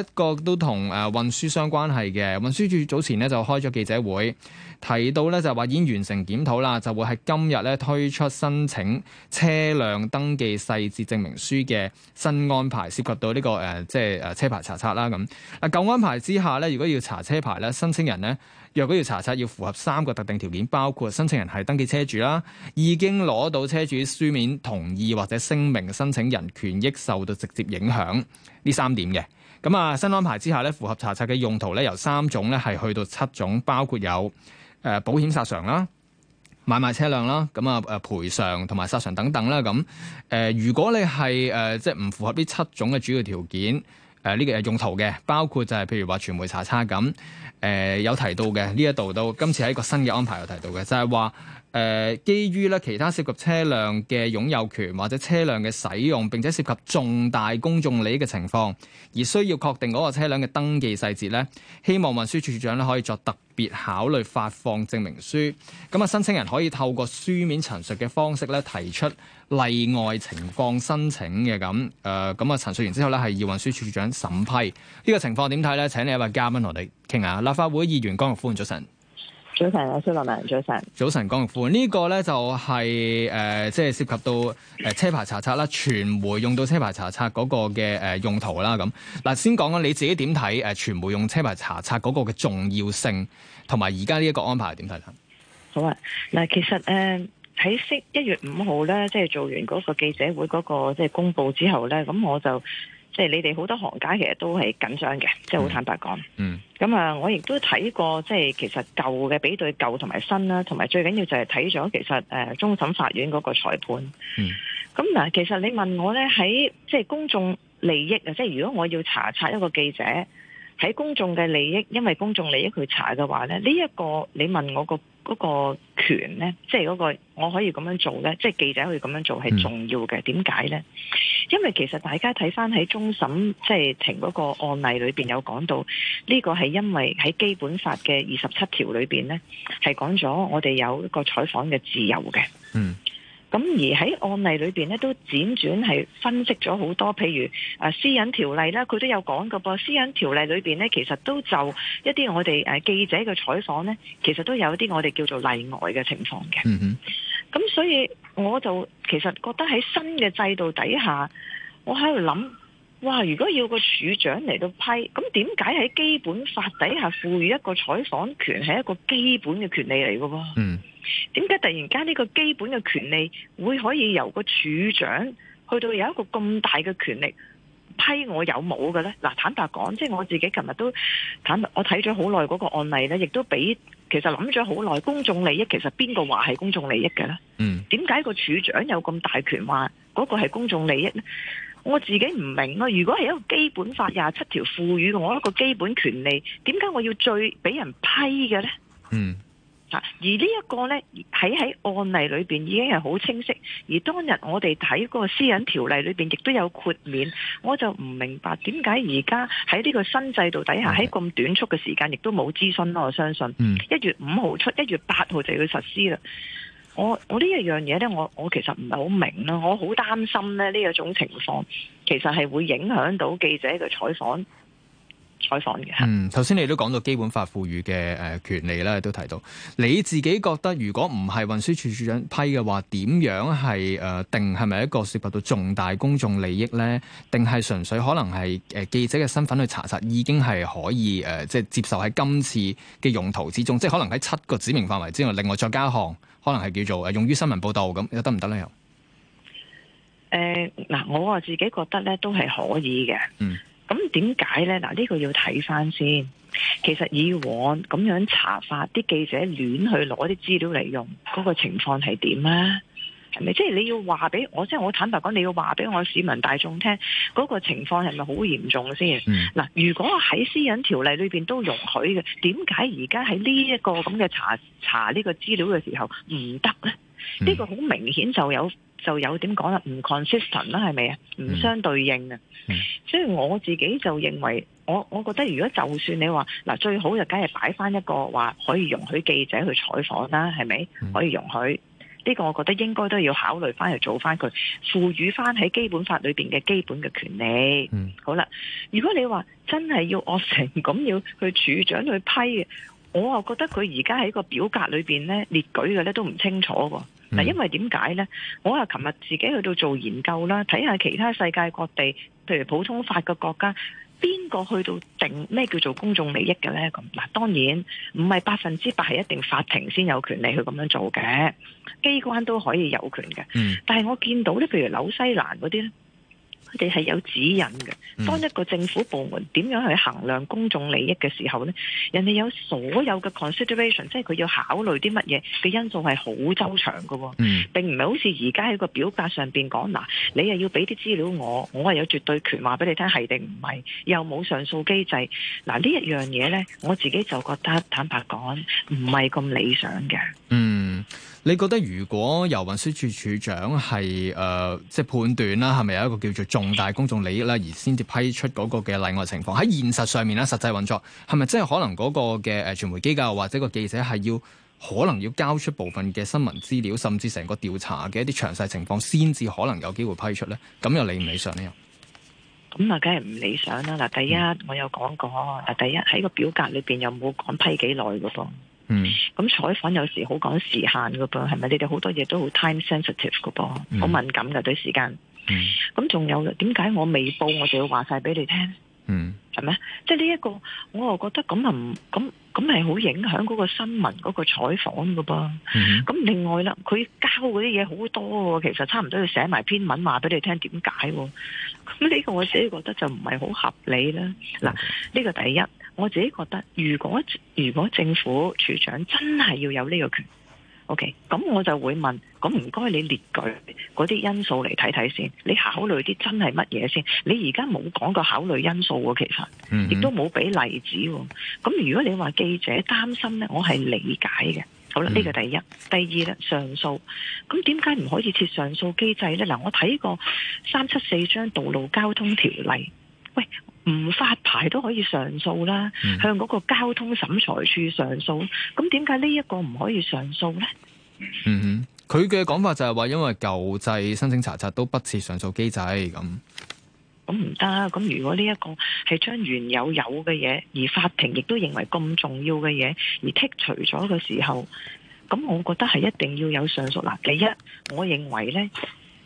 一個都同誒運輸相關係嘅運輸處早前咧就開咗記者會，提到咧就話已經完成檢討啦，就會喺今日咧推出申請車輛登記細節證明書嘅新安排，涉及到呢、這個誒即係誒車牌查冊啦。咁啊舊安排之下咧，如果要查車牌咧，申請人咧若果要查冊，要符合三個特定條件，包括申請人係登記車主啦，已經攞到車主書面同意或者聲明，申請人權益受到直接影響呢三點嘅。咁啊，新安排之下咧，符合查冊嘅用途咧，由三種咧係去到七種，包括有保險殺償啦、買賣車輛啦，咁啊賠償同埋殺償等等啦。咁誒，如果你係誒即係唔符合呢七種嘅主要條件，誒、這、呢個用途嘅，包括就係譬如話傳媒查冊咁，誒、呃、有提到嘅呢一度都今次喺個新嘅安排有提到嘅，就係話。誒，基於咧其他涉及車輛嘅擁有權或者車輛嘅使用，並且涉及重大公眾利益嘅情況，而需要確定嗰個車輛嘅登記細節咧，希望運輸署署長咧可以作特別考慮發放證明書。咁啊，申請人可以透過書面陳述嘅方式咧提出例外情況申請嘅咁誒，咁、呃、啊陳述完之後咧係要運輸署署長審批呢，這個情況點睇咧？請你一位嘉賓同我哋傾下，立法會議員江玉歡早晨。早晨，阿蘇國明，早晨。早晨，江玉歡，呢、這個咧就係、是、誒，即、呃、係、就是、涉及到誒車牌查冊啦，傳媒用到車牌查冊嗰個嘅誒用途啦。咁嗱，先講講，你自己點睇誒傳媒用車牌查冊嗰個嘅重要性，同埋而家呢一個安排點睇咧？好啊，嗱，其實誒喺一月五號咧，即係做完嗰個記者會嗰個即係公布之後咧，咁我就。即係你哋好多行家其實都係緊張嘅，即係好坦白講。Mm. 嗯，咁啊，我亦都睇過，即係其實舊嘅比對舊同埋新啦，同埋最緊要就係睇咗其實誒終審法院嗰個裁判。Mm. 嗯，咁嗱，其實你問我咧，喺即係公眾利益啊，即係如果我要查冊一個記者。喺公眾嘅利益，因為公眾利益去查嘅話咧，呢一個你問我個嗰個權咧，即係嗰個我可以咁樣做咧，即係記者可以咁樣做係重要嘅。點解咧？因為其實大家睇返喺終審即係庭嗰個案例裏邊有講到，呢個係因為喺基本法嘅二十七條裏邊咧，係講咗我哋有一個採訪嘅自由嘅。嗯。咁而喺案例裏邊咧，都輾轉係分析咗好多，譬如私隱條例啦，佢都有講噶噃。私隱條例裏邊咧，其實都就一啲我哋記者嘅採訪咧，其實都有一啲我哋叫做例外嘅情況嘅。嗯咁、mm hmm. 所以我就其實覺得喺新嘅制度底下，我喺度諗，哇！如果要個署長嚟到批，咁點解喺基本法底下賦予一個採訪權係一個基本嘅權利嚟㗎喎？嗯、mm。Hmm. 點解突然間呢個基本嘅權利會可以由個署長去到有一個咁大嘅權力批我有冇嘅呢？嗱，坦白講，即係我自己琴日都坦白，我睇咗好耐嗰個案例呢，亦都俾其實諗咗好耐，公眾利益其實邊個話係公眾利益嘅呢？嗯，點解個署長有咁大權話嗰個係公眾利益呢？我自己唔明咯、啊。如果係一個基本法廿七條賦予我的一個基本權利，點解我要最俾人批嘅呢？嗯。而呢一個呢，喺喺案例裏面已經係好清晰，而當日我哋睇嗰個私隱條例裏面亦都有豁免，我就唔明白點解而家喺呢個新制度底下喺咁短促嘅時間亦都冇諮詢咯。我相信一月五號出，一月八號就要實施啦。我我呢一樣嘢呢，我我其實唔係好明啦，我好擔心呢，呢一種情況其實係會影響到記者嘅採訪。採訪嘅嗯，頭先你都講到基本法賦予嘅誒權利啦，都提到你自己覺得如果唔係運輸署署長批嘅話，點樣係誒、呃、定係咪一個涉及到重大公眾利益咧？定係純粹可能係誒記者嘅身份去查冊，已經係可以誒、呃，即係接受喺今次嘅用途之中，即係可能喺七個指明範圍之外。另外再加一項，可能係叫做誒用於新聞報道咁，得唔得咧？又誒，嗱，我啊自己覺得咧都係可以嘅，嗯。咁點解呢？嗱，呢個要睇翻先看看。其實以往咁樣查法，啲記者亂去攞啲資料嚟用，嗰、那個情況係點咧？係咪即係你要話俾我？即係我坦白講，你要話俾我市民大眾聽，嗰、那個情況係咪好嚴重先？嗱、嗯，如果喺私隱條例裏面都容許嘅，點解而家喺呢一個咁嘅查查呢個資料嘅時候唔得呢？呢、嗯、個好明顯就有就有點講啦，唔 consistent 啦，係咪啊？唔相對應啊、嗯，嗯、所以我自己就認為，我我覺得如果就算你話嗱，最好就梗係擺翻一個話可以容許記者去採訪啦，係咪？可以容許呢、嗯、個，我覺得應該都要考慮翻去做翻佢，賦予翻喺基本法裏邊嘅基本嘅權利。嗯，好啦，如果你話真係要惡成咁要去署長去批嘅。我又覺得佢而家喺個表格裏邊咧列舉嘅咧都唔清楚喎。嗱，因為點解咧？我又琴日自己去到做研究啦，睇下其他世界各地，譬如普通法嘅國家，邊個去到定咩叫做公眾利益嘅咧？咁嗱，當然唔係百分之百一定法庭先有權利去咁樣做嘅，機關都可以有權嘅。嗯。但係我見到咧，譬如紐西蘭嗰啲咧。佢哋係有指引嘅。當一個政府部門點樣去衡量公眾利益嘅時候咧，人哋有所有嘅 consideration，即係佢要考慮啲乜嘢嘅因素係好周詳嘅。嗯。並唔係好似而家喺個表格上邊講嗱，你又要俾啲資料我，我係有絕對權話俾你聽係定唔係，又冇上訴機制。嗱，呢一樣嘢咧，我自己就覺得坦白講唔係咁理想嘅。嗯。嗯、你覺得如果由運輸署署長係誒，即、呃、係、即係、判斷啦，係咪有一個叫做重大公眾利益啦，而先至批出嗰個嘅例外情況？喺現實上面啦，實際運作係咪真係可能嗰個嘅誒傳媒機構或者個記者係要可能要交出部分嘅新聞資料，甚至成個調查嘅一啲詳細情況，先至可能有機會批出咧？咁又理唔理想咧？咁啊，梗係唔理想啦！嗱，第一、嗯、我有講過，第一喺個表格裏邊有冇講批幾耐方噃。嗯，咁採訪有時好講時限噶噃，係咪？你哋好多嘢都好 time sensitive 噶噃，好、嗯、敏感噶對時間。咁仲有點解我未報我就要話晒俾你聽？嗯，係咪？即係呢一個，我又覺得咁啊，咁咁係好影響嗰個新聞嗰個採訪噶噃。咁、嗯、另外啦，佢交嗰啲嘢好多喎，其實差唔多要寫埋篇文話俾你聽點解。咁呢個我自己覺得就唔係好合理啦。嗱、嗯，呢、呢個第一。我自己覺得，如果如果政府處長真係要有呢個權，OK，咁我就會問，咁唔該你列舉嗰啲因素嚟睇睇先，你考慮啲真係乜嘢先？你而家冇講過考慮因素喎，其實，亦都冇俾例子喎。咁如果你話記者擔心呢，我係理解嘅。好啦，呢、這個第一，第二咧上訴，咁點解唔可以設上訴機制呢？嗱，我睇過三七四章道路交通條例，喂。唔發牌都可以上訴啦，向嗰個交通審裁處上訴。咁點解呢一個唔可以上訴呢？嗯哼，佢嘅講法就係話，因為舊制申請查冊都不設上訴機制，咁咁唔得。咁如果呢一個係將原有有嘅嘢，而法庭亦都認為咁重要嘅嘢而剔除咗嘅時候，咁我覺得係一定要有上訴啦。第一，我認為呢。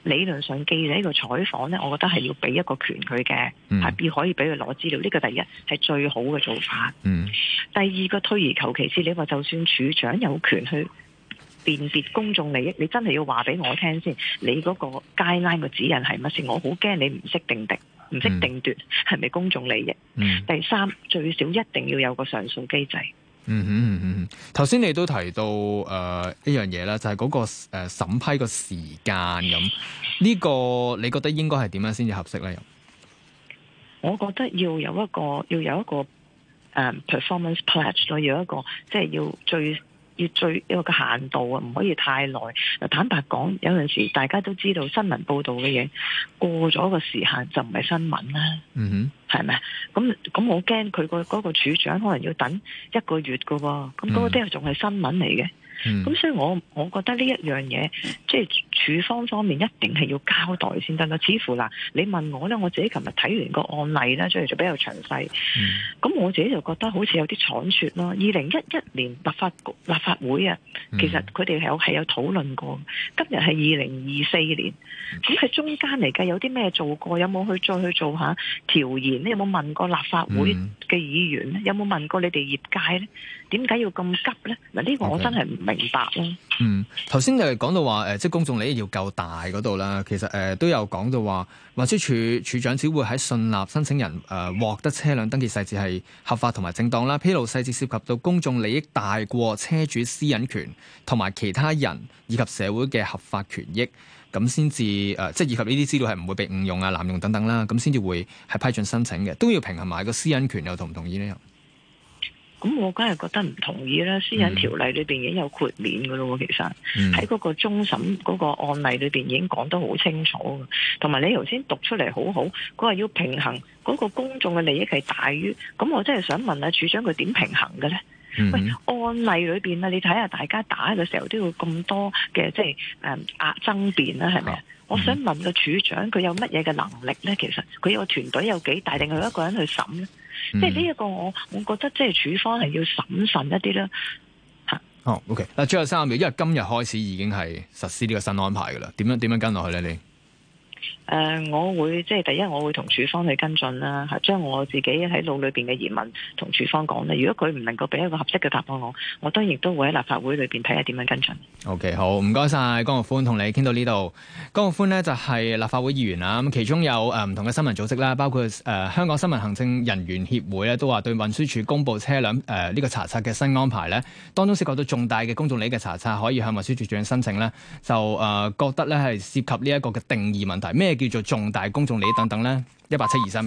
理論上，記者呢個採訪呢，我覺得係要俾一個權佢嘅，係、嗯、可以俾佢攞資料。呢、這個第一係最好嘅做法。嗯、第二個退而求其次，你話就算處長有權去辨別公眾利益，你真係要話俾我聽先，你嗰個 guideline 嘅指引係乜？是我好驚你唔識定定，唔識定奪，係咪公眾利益？嗯、第三最少一定要有個上訴機制。嗯哼嗯嗯，頭先你都提到誒、呃、一樣嘢啦，就係、是、嗰、那個誒、呃、審批個時間咁，呢、這個你覺得應該係點樣先至合適咧？我覺得要有一個要有一個誒、呃、performance pledge 咯，要一個即係要最要最一個限度啊，唔可以太耐。坦白講，有陣時大家都知道新聞報道嘅嘢，過咗個時限就唔係新聞啦。嗯哼。係咪？咁咁我驚佢個嗰個處長可能要等一個月噶、哦，咁嗰啲又仲係新聞嚟嘅。咁、嗯嗯、所以我我覺得呢一樣嘢，即係處方方面一定係要交代先得啦。似乎嗱，你問我咧，我自己琴日睇完個案例咧，就嚟就比較詳細。咁、嗯、我自己就覺得好似有啲倉促咯。二零一一年立法局立法會啊，其實佢哋有係有討論過的，今日係二零二四年，咁喺中間嚟嘅有啲咩做過？有冇去再去做一下調研？你有冇問過立法會嘅議員呢？嗯、有冇問過你哋業界呢？點解要咁急呢？嗱，呢個我真係唔明白咯。Okay. 嗯，頭先就係講到話誒，即係公眾利益要夠大嗰度啦。其實誒都有講到話，運輸署署長只會喺信納申請人誒獲得車輛登記細節係合法同埋正當啦。披露細節涉及到公眾利益大過車主私隱權同埋其他人以及社會嘅合法權益。咁先至誒，即係以及呢啲資料係唔會被誤用啊、濫用等等啦，咁先至會係批准申請嘅，都要平衡埋個私隱權又同唔同意呢？咁我梗係覺得唔同意啦。嗯、私隱條例裏邊已經有豁免嘅咯喎，其實喺嗰、嗯、個終審嗰個案例裏邊已經講得好清楚，同埋你頭先讀出嚟好好，佢話要平衡嗰個公眾嘅利益係大於，咁我真係想問下、啊、處長佢點平衡嘅咧？嗯、喂，案例裏邊啊，你睇下大家打嘅時候都要咁多嘅，即係誒、嗯、爭辯啦，係咪啊？哦嗯、我想問個處長，佢有乜嘢嘅能力咧？其實佢個團隊有幾大，定佢一個人去審咧？嗯、即係呢一個我我覺得即係處方係要審慎一啲啦。吓，哦，OK，嗱，最後三十秒，因為今日開始已經係實施呢個新安排噶啦，點樣點樣跟落去咧？你？誒、呃，我會即係第一，我會同署方去跟進啦，係將我自己喺腦裏邊嘅疑問同署方講咧。如果佢唔能夠俾一個合適嘅答案我，我當然亦都會喺立法會裏邊睇下點樣跟進。O、okay, K，好，唔該晒江玉歡，同你傾到呢度。江玉歡咧就係、是、立法會議員啦。咁其中有誒唔、呃、同嘅新聞組織啦，包括誒、呃、香港新聞行政人員協會咧，都話對運輸署公布車輛誒呢個查冊嘅新安排咧，當中涉及到重大嘅公眾利益嘅查冊，可以向運輸署長申請咧，就誒、呃、覺得咧係涉及呢一個嘅定義問題。咩叫做重大公眾利益等等咧？一八七二三一一。